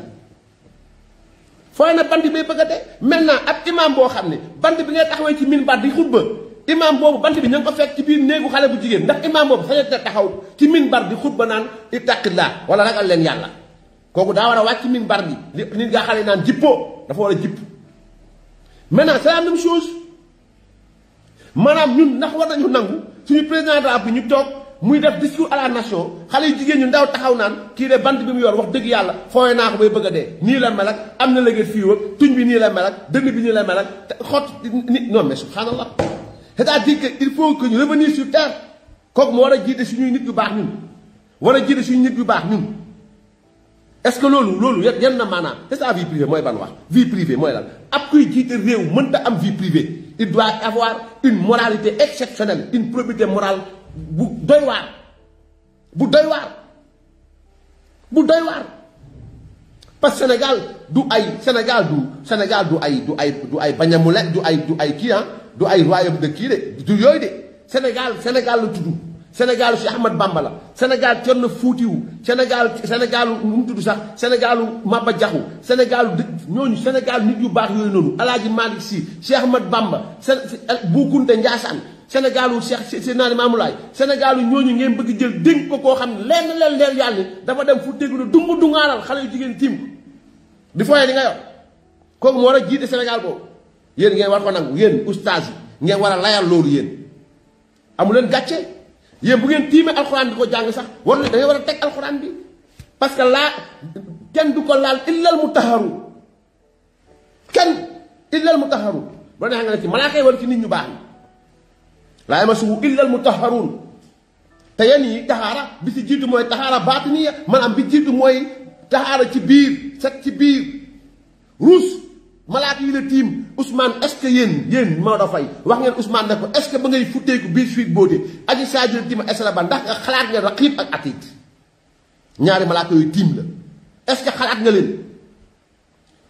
fooy na band bay bëgg de dee maintenant ab imam boo xam ne band bi ngay taxawee ci minbar di xutba imam boobu bant bi ña ko fekk ci biir néegu xale bu jigéen ndax imam boobu saña taxaw ci minbar di xutba naan ittaqillaa wala kooku daa war a wàcc minbar bi li nit nga xale naan jippoo dafa war a jipp maintenant c'est la même chose maanaam ñun ndax war nañu nangu suñu président de la ñu toog muy def discours à la nation xale yu jigéen ñu ndaw taxaw naan kii de bande bi mu yor wax dëgg yàlla fooy naa ko bay bëgg a dee nii la mel ak am na léegi fii wëg tuñ bi nii la mel ak dënn bi nii la mel ak xott ni non mais subhanallah c'est-à-dire que il faut que ñu revenir sur terre kooku mu war a jiite suñuy nit yu baax ñun war a jiite suñuy nit yu baax ñun est-ce que loolu loolu yenn na maanaam c'est ça vie privée mooy ban wax vie privée mooy lan ab kuy jiite réew mënta am vie privée il doit avoir une moralité exceptionnelle une probité morale bu doy waar bu doy waar bu doy waar parce que Sénégal du ay Sénégal du Sénégal du ay du ay du Bañamule du ay du ay kii ah, du ay royaume de kii de du yooyu de Sénégal Sénégal la tudd Sénégal si Ahmad Bamba la Sénégal Cerno Fuutiwu Sénégal Sénégalu mu tudd sax Sénégalu Maba Jaxu Sénégalu ñooñu Sénégal nit yu baax yooyu noonu Alaaji Malick Si Cheikh Ahmad Bamba Bukunte Njaasaan sénégalu cheikh ci nani mamulay sénégalu ñooñu ngeen bëgg jël denk ko ko xam lenn lenn leer yalla dafa dem fu teglu dungu dungalal xalé jigen tim di foye li nga yox ko mo wara jité sénégal bo yeen ngeen war ko nang yeen oustaz ngeen wara layal lool yeen amu len gatché yeen bu ngeen timé alcorane diko jang sax war da wara tek alcorane bi parce que la ken du ko laal illa al mutahharu ken illa al mutahharu bo ne nga ci malaaka yi wala ci nit ñu baax la yamassuhu illa al mutahharun tayani tahara bi ci bi moy tahara mooy man am maanaam bi jiitu moy tahara ci bir set ci bir rus malaaka yi le tim Ousmane est ce yen yéen yéen Maodo fay wax ngeen Ousmane nako est ce ba ngay ko bi suite bodé aji saaji la tim est la ban ndax nga nga raqib ak atit ñaari malaaka yooyu tim la est ce que nga len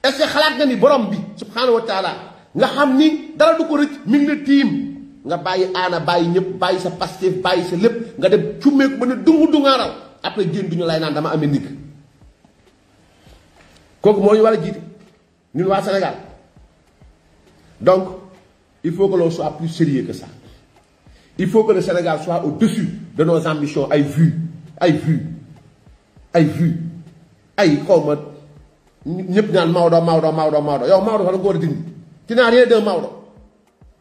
est ce que nga ni borom bi subhanahu wa taala nga xamni dara du ko rëcc mi ngi tim nga bàyyi aana bàyyi ñëpp bàyyi sa Pastef bàyyi sa lépp nga dem cummeeku ba a dungu dungaaraw après génn du ñu lay naan dama amee nit kooku moo ñu war a jiite ñun waa Sénégal donc il faut que l'on soit plus sérieux que ça il faut que le Sénégal soit au-dessus de nos ambitions ay vues ay vues ay vues ay xaw ma ñëpp naan Maodo Maodo Maodo Maodo yow Maodo fa la nga war a dindi ci naa rien de Maodo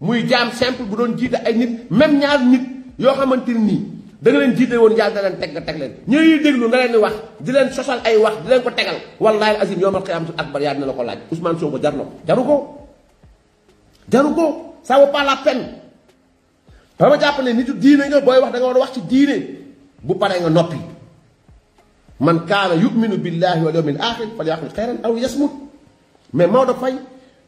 muy jaam simple bu doon jiite ay nit même ñaar nit yoo xamante nii da nga leen jiite woon yàlla da teg nga teg leen ñuy déglu nga leen di wax di leen sasal ay wax di leen ko tegal wallaahi azim yawmal qiyaamatul akbar yaa dina la ko laaj Ousmane Sonko jar na ko jaru ko jaru ko ça vaut pas la peine ba ma jàpp ne nitu diine nga booy wax danga war a wax ci diine bu paree nga noppi man kaana yuminu billahi wal yawmil axir falyaqul xayran aw yasmut mais Maodo Faye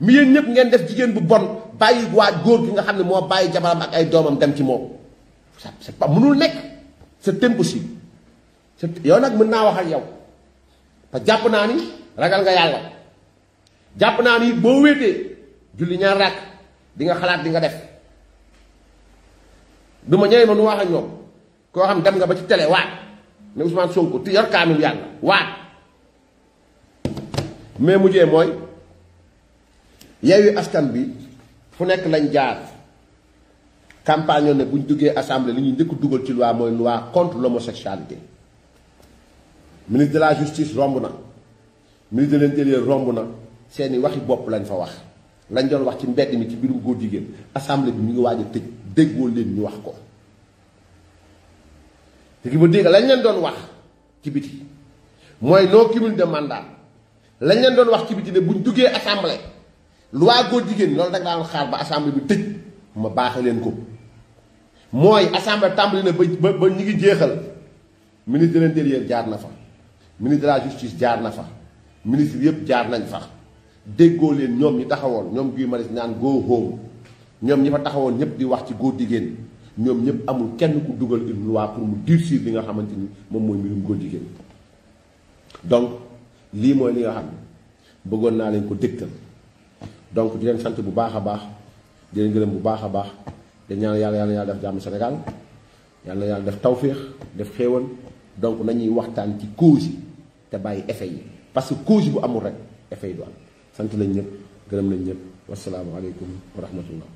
mi yéen ñëpp ngeen def jigéen bu bon bàyyi waa góor gi nga xam ne moo bàyyi jabaram ak ay doomam dem ci moom c'est pas mënul nekk sa c'est impossible yow nag mën naa wax ak yow parce jàpp naa ni ragal nga yàlla jàpp naa ni boo wéetee julli ñaar ràkk di nga xalaat di nga def du ma ñëwee ma nu wax ak ñoom koo xam dem nga ba ci télé waat ne Ousmane Sonko ti yor kaamil yàlla waat mais mujjee mooy. Yewwi Askan bi fu nekk lañ jaar campagne ne buñ duggee assemblée li ñuy njëkk dugal ci loi mooy loi contre l'homosexualité ministre de la justice romb na ministre de l'intérieur romb na seeni waxi bopp lañ fa wax lañ doon wax ci mbedd mi ci mbirum góor jigéen assemblée bi ñu ngi waaj a tëj déggoo leen ñu wax ko te ki ba lañ leen doon wax ci biti mooy non cumul de mandat lañ leen doon wax ci biti ne ñu duggee assemblée loi góor jigéen loolu da nga daan xaar ba assemblée bi tëj ma baaxe leen ko mooy assemblée tàmbali na ba ba ñu ngi jeexal ministre de l'intérieur jaar na fa ministre de la justice jaar na fa ministre yëpp jaar nañ fa déggoo leen ñoom ñi taxawoon ñoom Guy Marius naan go home ñoom ñi fa taxawoon ñëpp di wax ci góor jigéen ñoom ñëpp amul kenn ku dugal une loi pour mu durcir li nga xamante ni moom mooy mbirum góor jigéen donc lii mooy li nga xam ne bëggoon naa leen ko dégtal donc di leen sant bu baax a baax di gërëm bu baax a baax di yàlla yàlla yàlla def jàmm Sénégal yàlla yàlla def tawféex def xéewal donc nañuy waxtaan ci cause yi te bàyyi effet yi parce que cause bu amul rek effet yi du am sant nañ ñëpp gërëm nañ ñëpp wasalaamualeykum wa rahmatullah